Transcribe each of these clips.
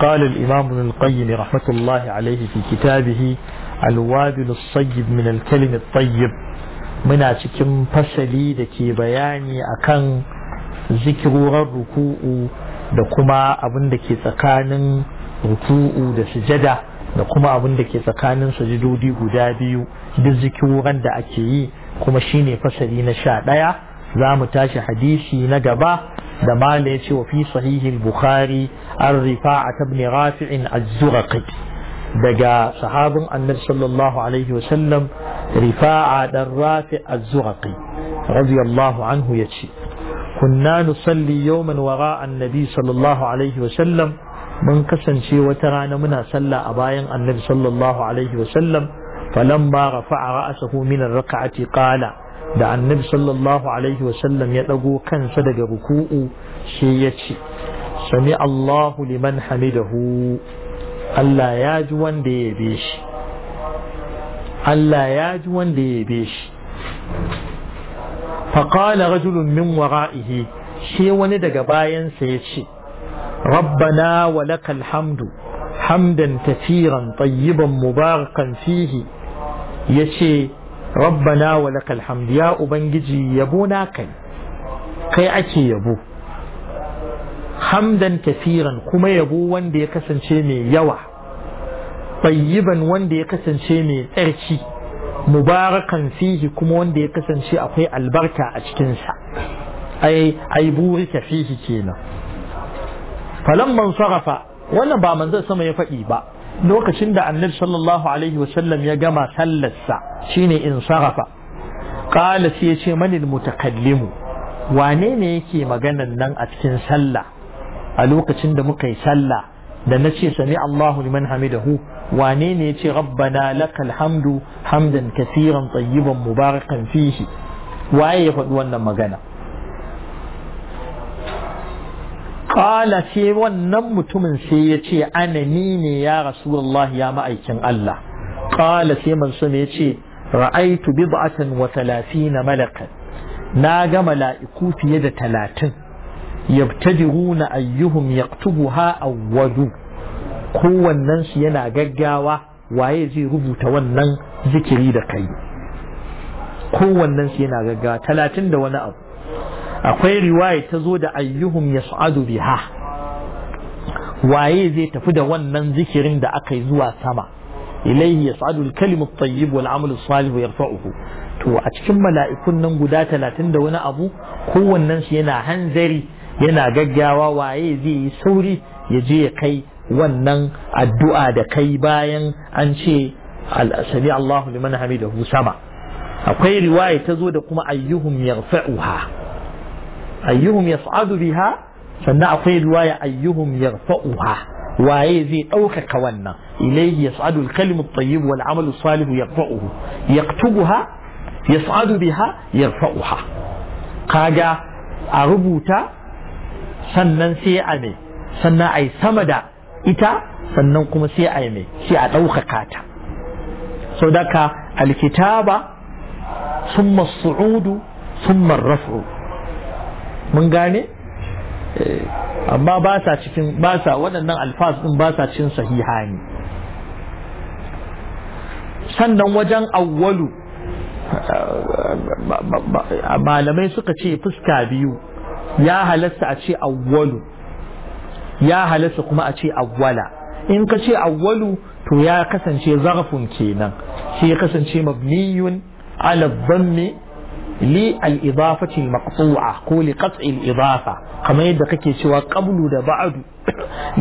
قال الإمام القيم رحمة alaihi fi في كتابه الوابل الصيب من الكلم الطيب منا cikin fasali da ke bayani akan zikirorin ruku'u da kuma abin da ke tsakanin ruku'u da sujada da kuma abin da ke tsakanin sujudodi guda biyu duk zikirorin da ake yi kuma shine fasali na sha ɗaya za mu tashi hadisi na gaba da mala ya ce wa fi sahihin bukhari an rifa'a tabni rafi'in az daga sahabin annabi sallallahu alaihi wasallam rifa'a dan rafi az-zurqi radiyallahu anhu yace kunna nusalli yawman wara annabi sallallahu alaihi wasallam mun kasance wata rana muna sallah a bayan annabi sallallahu alaihi wasallam falamma rafa'a ra'sahu min ar-rak'ati qala da annabi sallallahu alaihi wasallam ya ɗago kansa daga ruku'u shi ya ce sami Allahu liman hamidahu Allah ya ji wanda ya yabe shi Allah ya ji wanda ya yabe shi rajulun min wara'ihi shi wani daga bayansa ya ce rabbana wa lakal hamdu hamdan tafiran tayyiban mubarakan fihi yace rabbana wa lakal hamd ya ubangiji yabo na kai kai ake yabo hamdan kafiran kuma yabo wanda ya kasance mai yawa tayyiban wanda ya kasance mai tsarki mubarakan fihi kuma wanda ya kasance akwai albarka a cikinsa ai ai buri fihi kenan falamman sarafa wannan ba manzon sama ya faɗi ba lokacin da annabi sallallahu alaihi wasallam ya gama sallarsa shine in sarafa qala sai ya ce manil mutakallimu wane ne yake maganan nan a cikin sallah a lokacin da muka yi sallah da na ce sami Allahu liman hamidahu wane ne ya ce rabbana lakal hamdu hamdan kasiran tayyiban mubarakan fihi waye ya faɗi wannan magana Kala sai wannan mutumin sai ya ce ana ni ne ya rasulullah ya ma'aikin Allah Kala sai ne ya ce ra'aitu ba’atan wa na malakan na ga mala'iku fiye da talatin yabtadiruna ayyuhum yaktubuha awwadu kowannen su yana gaggawa waye zai rubuta wannan zikiri da kai kowannen su yana gaggawa talatin da wani abu akwai riwaya ta zo da ayyuhum yas'adu biha waye zai tafi da wannan zikirin da aka yi zuwa sama ilaihi yas'adu al-kalimu at wal 'amalu salih yarfa'uhu to a cikin mala'ikun nan guda talatin da wani abu kowannen shi yana hanzari yana gaggawa waye zai yi sauri ya je ya kai wannan addu'a da kai bayan an ce sami Allahu liman hamidahu sama akwai riwaya ta zo da kuma ayyuhum yarfa'uha أيهم يصعد بها فنعطي الواية أيهم يرفعها ويزي أوك كونا إليه يصعد الكلم الطيب والعمل الصالح يرفعه يكتبها يصعد بها يرفعها قاجا أربوتا سنن سيئمي سنن أي سمدا إتا سننكم سيئمي سيئة أوك كاتا سودك الكتابة ثم الصعود ثم الرفع mun gane eh, amma ba sa cikin ba sa waɗannan alfas ɗin ba sa sahiha ne sannan wajen awwalu malamai suka ce fuska biyu ya halasta a ce awwalu ya halasta kuma a ce awwala in ka ce awwalu to ya kasance zarafin kenan sai ya kasance mabniyun ala dhammi li al-idafati ko li qat'i al kamar yadda kake cewa qablu da ba'adu.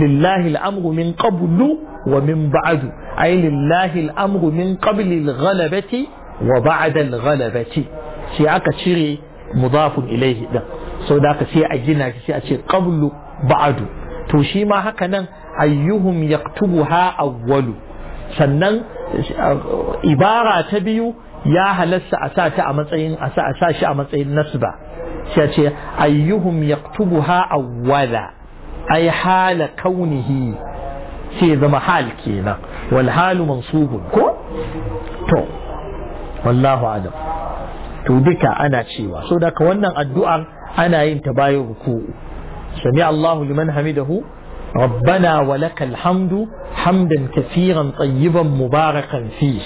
lillahi al min qablu wa min ba'adu. Ai lillahi al min qabli al wa ba'da al sai aka cire mudafun ilaihi din sau da aka sai a gina shi sai a ce qablu ba'adu. to shi ma haka nan ayyuhum yaktubuha awwalu sannan ibara ta biyu ya halasta a sa ta a matsayin a sa a shi a matsayin nasba sai ce ayyuhum yaktubuha awwala ay hala kaunihi sai zama hal kenan wal halu mansubun ko to wallahu alam to duka ana cewa so daga wannan addu'ar ana yin ta bayan ruku'u sami Allahu liman hamidahu ربنا ولك الحمد حمدا كثيرا طيبا مباركا فيه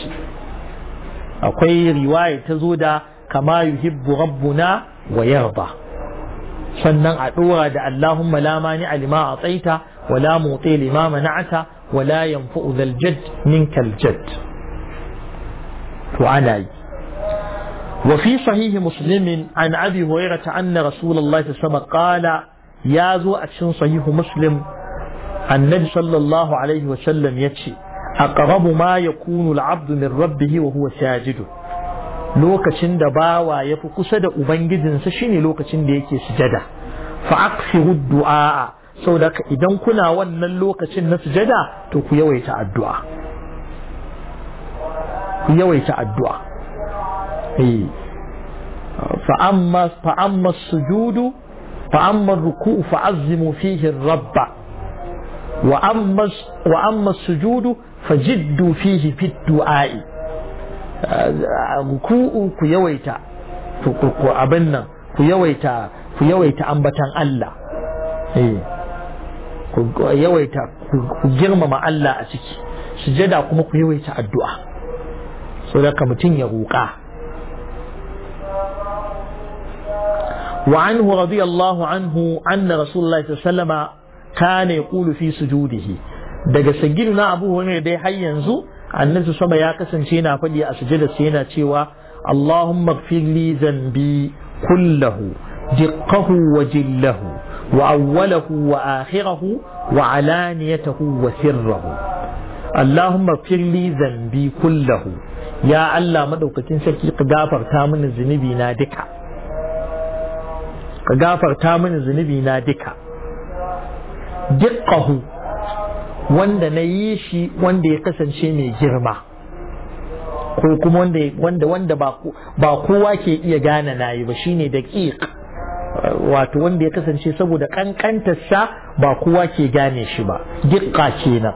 akwai riwaya ta zo da kama yuhibbu rabbuna wa yarda sannan a dora da Allahumma la mani alima ataita wa la muti lima mana'ata wa la yanfu'u zal jadd minka al jadd to ana yi وفي صحيح مسلم عن أبي هريرة أن anna rasulullahi sallallahu alaihi wasallam qala قال يا ذو أتشن صحيح مسلم النبي صلى الله عليه وسلم أقرب ما يكون العبد من ربه وهو ساجد لوك تشند باوا يفك سد أبنجد سشيني لوك تشند يكي سجد فأقفه الدعاء سودك إذا كنا وأن لوك تشند سجد توك يويت الدعاء يويت الدعاء إي فأما فأما السجود فأما الركوع فعظموا فيه الرب وأما وأما السجود فجدوا فيه في الدعاء ركوء ku yawaita ku abin nan ku yawaita ku yawaita ambatan Allah eh ku yawaita ku girmama Allah a ciki sujada kuma ku yawaita addu'a saboda mutum ya roƙa وعنه رضي الله عنه أن رسول الله صلى الله عليه وسلم كان يقول في سجوده daga sagiru na abu hurairah dai har yanzu annabi sama ya kasance yana faɗi a sujada sai yana cewa Allahumma ighfir li dhanbi kullahu diqqahu wa jillahu wa awwalahu wa akhirahu wa alaniyatahu wa sirrahu Allahumma ighfir li dhanbi kullahu ya Allah madaukakin sarki ka gafarta mini zunubi na duka ka gafarta mini zunubi na duka diqqahu wanda na yi shi wanda ya kasance mai girma ko kuma wanda wanda ba kowa ke iya gane na yi ba shine daƙiƙ wato wanda ya kasance saboda ƙanƙantarsa ba kowa ke gane shi ba dikka kenan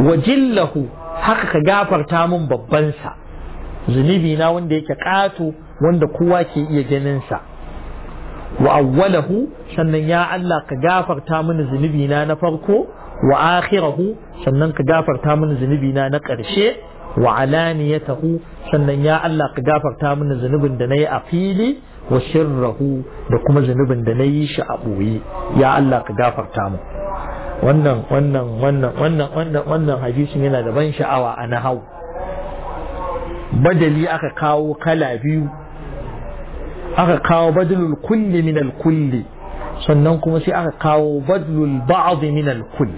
wajillahu haka ka gafarta mun babbansa zunubina zunubi na wanda yake ƙato wanda kowa ke iya ganin sa wa awwalahu sannan ya Allah ka gafarta mini zunubi na na farko wa akhirahu sannan ka gafarta mini zunubi na na ƙarshe wa alaniyatahu sannan ya Allah ka gafarta mini zunubin da nayi a fili wa shirrahu da kuma zunubin da nayi shi a boye ya Allah ka gafarta mu wannan wannan wannan wannan wannan wannan hadisin yana da ban sha'awa a nahau badali aka kawo kala biyu aka kawo badalul kulli min al kulli sannan kuma sai aka kawo badlul ba'd min al-kull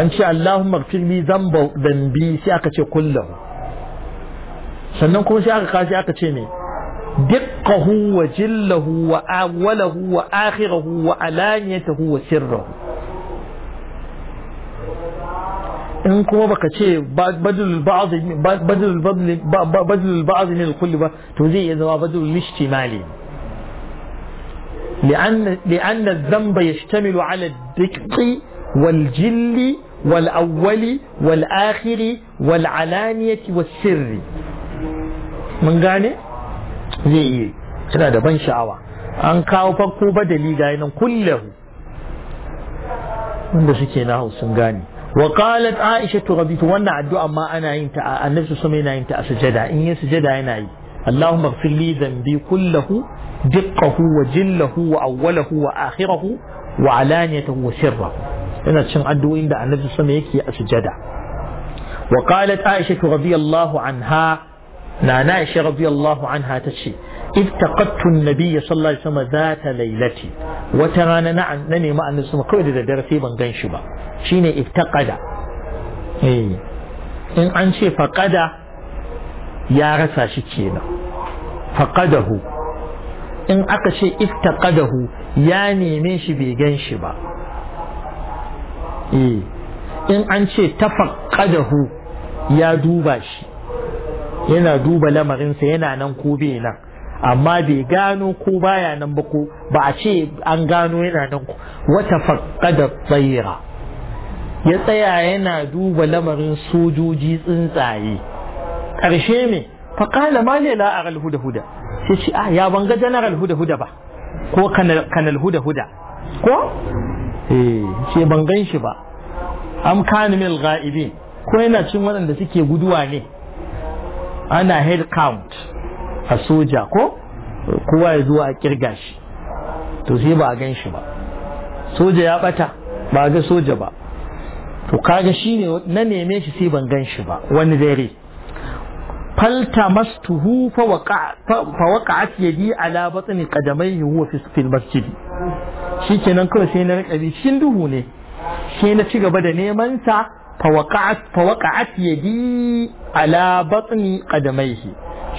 an ce Allahumma ighfir li dhanba dhanbi sai aka ce kullahu sannan kuma sai aka kawo sai aka ce ne wa akhirahu wa وآخره wa sirruhu in kuma baka ce badlul ba'd badlul badul ba'd min al-kull ba to zai iya zama badlul ijtimali لأن لأن الذنب يشتمل على الدق والجل والأول والآخر والعلانية والسر من قال زي إيه؟ كنا ده شعوة أن كاو فكو بدلي جاينا كله من ده سكيناه سنغاني وقالت عائشة رضيت وانا عدو أنا انت النفس سمينا انت أسجدا إن يسجدا أنا اللهم اغفر لي ذنبي كله دقه وجله وأوله وآخره وعلانيته وسره ina cin addu'o'in da annabi sama yake a sujada wa qalat aisha radiyallahu anha nana aisha radiyallahu anha tace iftaqattu an-nabiy sallallahu alaihi zata laylati wata rana na na nemi annabi kawai da daddare sai ban gan shi ba iftaqada eh. in an ce faqada ya rasa shi kenan faqadahu in aka ce iftaqadahu ya neme shi bai gan shi ba eh in an ce tafaqadahu ya duba shi yana duba lamarinsa yana nan ko bai nan amma bai gano ko baya nan ba ko ba a ce an gano yana nan ko wata faƙada tsaira ya tsaya yana duba lamarin sojoji tsuntsaye ƙarshe ne faƙala ma ne la aral huda huda sai ce ah ya banga general huda huda ba ko kanal huda huda ko eh sai ban gan shi ba am kana min ghaibin ko yana cin waɗanda suke guduwa ne ana head count a soja ko kowa ya zuwa a kirga shi to sai ba a gan shi ba soja ya bata ba ga soja ba to kaga shi ne na neme shi sai ban gan shi ba wani dare فالتمسته فوقع فوقعت يدي على بطن قدميه وهو في المسجد shikenan kawai sai na rika bi duhu ne sai na ci gaba da neman sa fawaqa'at fawaqa'at yadi ala batni qadamaihi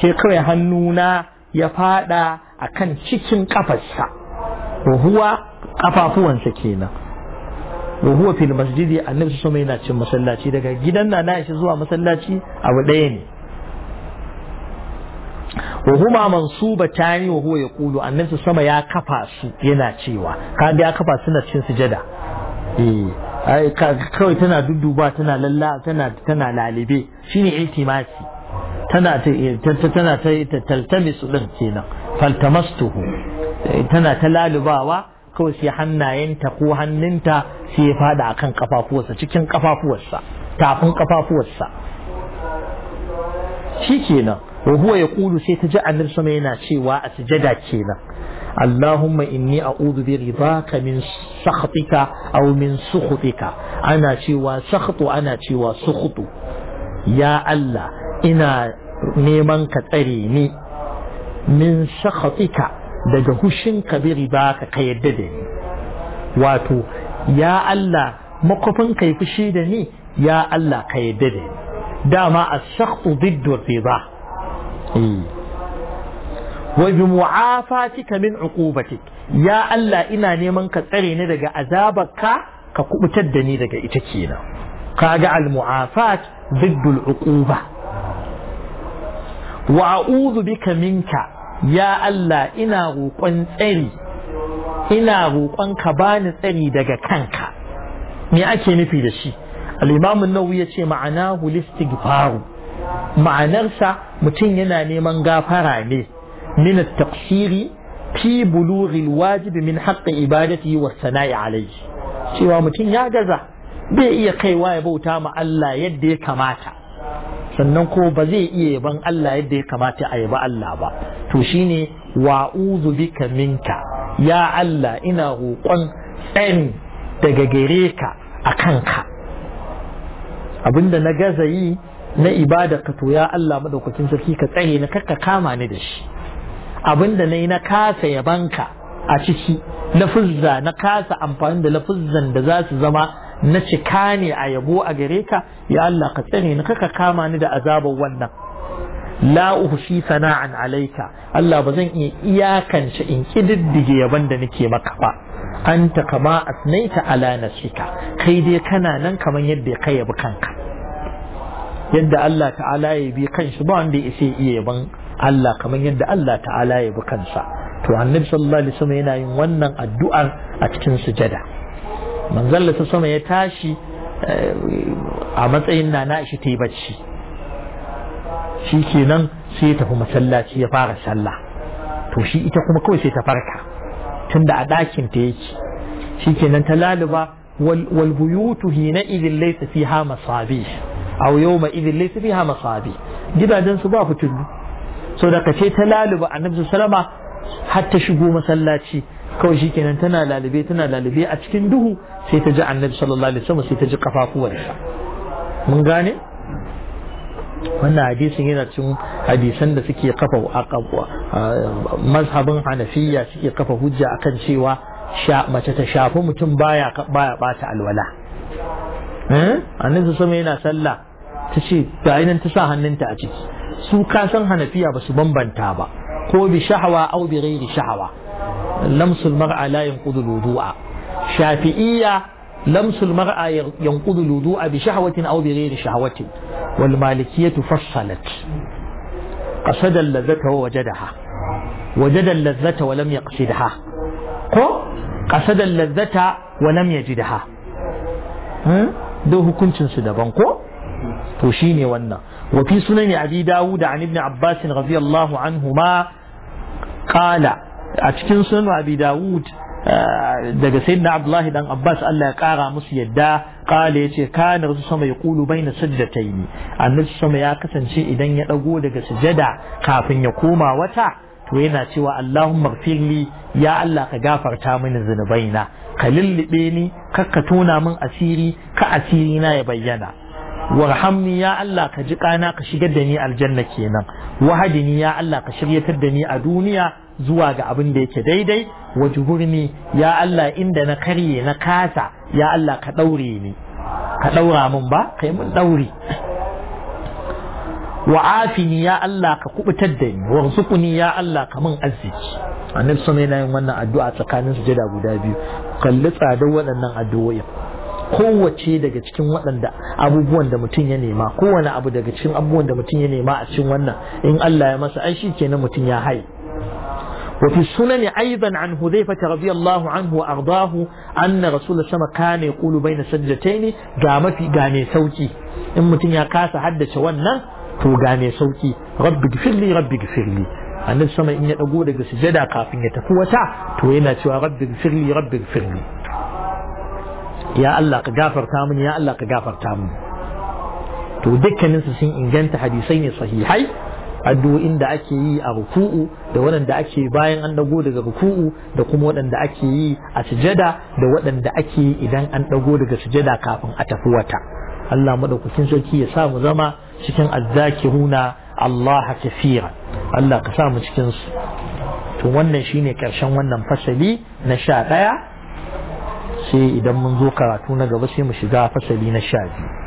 sai kawai hannuna ya fada kan cikin kafarsa ruhuwa kafafuwansa kenan ruhuwa fil masjidi annabi sallallahu yana cin masallaci daga gidan na na zuwa masallaci abu ɗaya ne wa huma mansubatani wa huwa yaqulu annabi sama ya kafa su yana cewa kaga ya kafa suna cin sujada eh ai kawai tana dudduba tana lalla tana tana lalibe shine iltimasi tana ta tana ta taltamisu din kenan faltamastuhu eh, tana ta lalubawa kawai sai hannayenta ko hannunta sai ya fada akan kafafuwarsa cikin kafafuwarsa tafin kafafuwarsa kenan. wa ya Kulu sai ta ji annabi sama yana cewa a sujada kenan اللهم إني أعوذ برضاك من سخطك أو من سخطك أنا شوى سخط أنا شوى سخط يا الله إنا نيمان كتريني من سخطك daga hushinka bi ribaka ka yadda da ni wato ya Allah makwafin kai fushi da ni ya Allah ka dama as-sakhtu diddu Eh. wa bi mu'afatika min uqubatik ya Allah ina neman ka tsare ni daga azabarka ka kubutar da ni daga ita kenan kaga al mu'afat ziddul uquba wa a'udhu bika minka ya Allah ina roƙon tsari ina roƙon ka bani tsari daga kanka me ake nufi da shi al-imam an-nawawi yace ma'anahu listighfar ma'anarsa mutum yana neman gafara ne min at-taqsiri fi bulughi alwajib min haqqi ibadatihi wa sana'i alayhi cewa mutum ya gaza bai iya kaiwa ya bauta ma Allah yadda ya kamata sannan ko ba zai iya yaban Allah yadda ya kamata a yaba Allah ba to shine uzu bika minka ya Allah ina roƙon tsani daga gare ka a ka abinda na gaza yi na ibada ka to ya Allah madaukakin sarki ka tsare na kakka kama ni da shi abinda nayi na kasa yabanka a ciki lafuzza na kasa amfani da lafuzzan da za su zama na cika ne a yabo a gare ka ya Allah ka tsare ni kama ni da azabar wannan la uhshi sana'an alaika Allah ba zan iya iyakance in kididdige yaban da nake maka ba anta kama asnaita ala nafsika kai dai kana nan kamar yadda ka yabi kanka yadda Allah ta'ala ya bi kanshi ba wanda ya sai iya yaban Allah kamar yadda Allah ta'ala ya bi kansa to annabi sallallahu alaihi wasallam yana yin wannan addu'ar a cikin sujada manzon ta ya tashi eh, a matsayin nana shi ta yi bacci shi kenan sai ya tafi masallaci ya fara sallah to shi ita kuma kawai sai ta farka tunda a ɗakin ta yake shi kenan ta laluba wal buyutu hina idin laysa fiha masabih aw yawma idhin laysa fiha masabi gidajen su ba fitilu so da kace ta laluba annabi sallama har ta shigo masallaci kawai shikenan tana lalube tana lalube a cikin duhu sai ta ji annabi sallallahu alaihi wasallam sai ta ji kafafuwarsa mun gane wannan hadisin yana cikin hadisan da suke kafa mazhabin hanafiya suke kafa hujja akan cewa mace ta shafi mutum baya baya bata alwala annabi sama yana sallah ta ce ga nan ta sa hannunta a ciki su ka san hanafiya ba su bambanta ba ko bi shahawa au bi ghairi shahawa lamsul mar'a la yanqudu wudu'a shafi'iyya lamsul mar'a yanqudu wudu'a bi shahawatin au bi ghairi shahawatin wal malikiyatu fassalat qasada al-ladzata wa wajadaha wajada al-ladzata wa lam yaqsidha ko qasada al-ladzata wa lam yajidha da hukuncin su daban ko to shine wannan wafi sunan sunani abi dawud an ibn abbas radiyallahu anhuma qala a cikin sunan abi dawud eh, daga sayyidina abdullahi dan abbas Allah ya kara musu yadda ya yace kana rasul sama yaqulu baina sajdataini annabi sama ya kasance idan ya dago daga sujada kafin ya koma wata to yana cewa Allahumma gfirli ya Allah ka gafarta mini zunubaina ka lullube ni kakka tona min asiri ka asiri na ya bayyana warhamni ya Allah ka ji kana ka shigar da ni aljanna kenan wahadini ya Allah ka shiryatar da ni a duniya zuwa ga abin da yake daidai wajhurni ya Allah inda na karye na kasa ya Allah ka daure ni ka daura min ba kai mun daure wa'afini ya Allah ka kubutar da ni warzuqni ya Allah ka mun arziki annabi sallallahu alaihi wasallam yana yin wannan addu'a tsakanin sujada guda biyu kalli tsadar waɗannan addu'o'in kowace daga cikin waɗanda abubuwan da mutum ya nema kowane abu daga cikin abubuwan da mutum ya nema a cikin wannan in Allah ya masa ai shi kenan mutum ya hai وفي السنن أيضا عن هذيفة رضي الله عنه وأرضاه أن رسول الله صلى كان يقول بين سجدتين قامتي sauki سوتي mutum ya kasa كاس wannan ونا تو قامي سوتي رب اغفر لي رب اغفر لي annabi sama in ya dago daga sujada kafin ya tafi wata to yana cewa rabbi gfirli rabbi gfirli ya Allah ka gafarta mini ya Allah ka gafarta mini to dukkanin su sun inganta hadisai ne sahihai addu'o'in da ake yi a ruku'u da waɗanda ake bayan an dago daga ruku'u da kuma waɗanda ake yi a sujada da waɗanda ake yi idan an dago daga sujada kafin a tafi wata Allah madaukakin sarki ya sa mu zama cikin azzakiruna Allah kafira Allah ka sa mu cikin su to wannan shine karshen wannan fasali na sha ɗaya sai idan mun zo karatu na gaba sai mu shiga fasali na sha biyu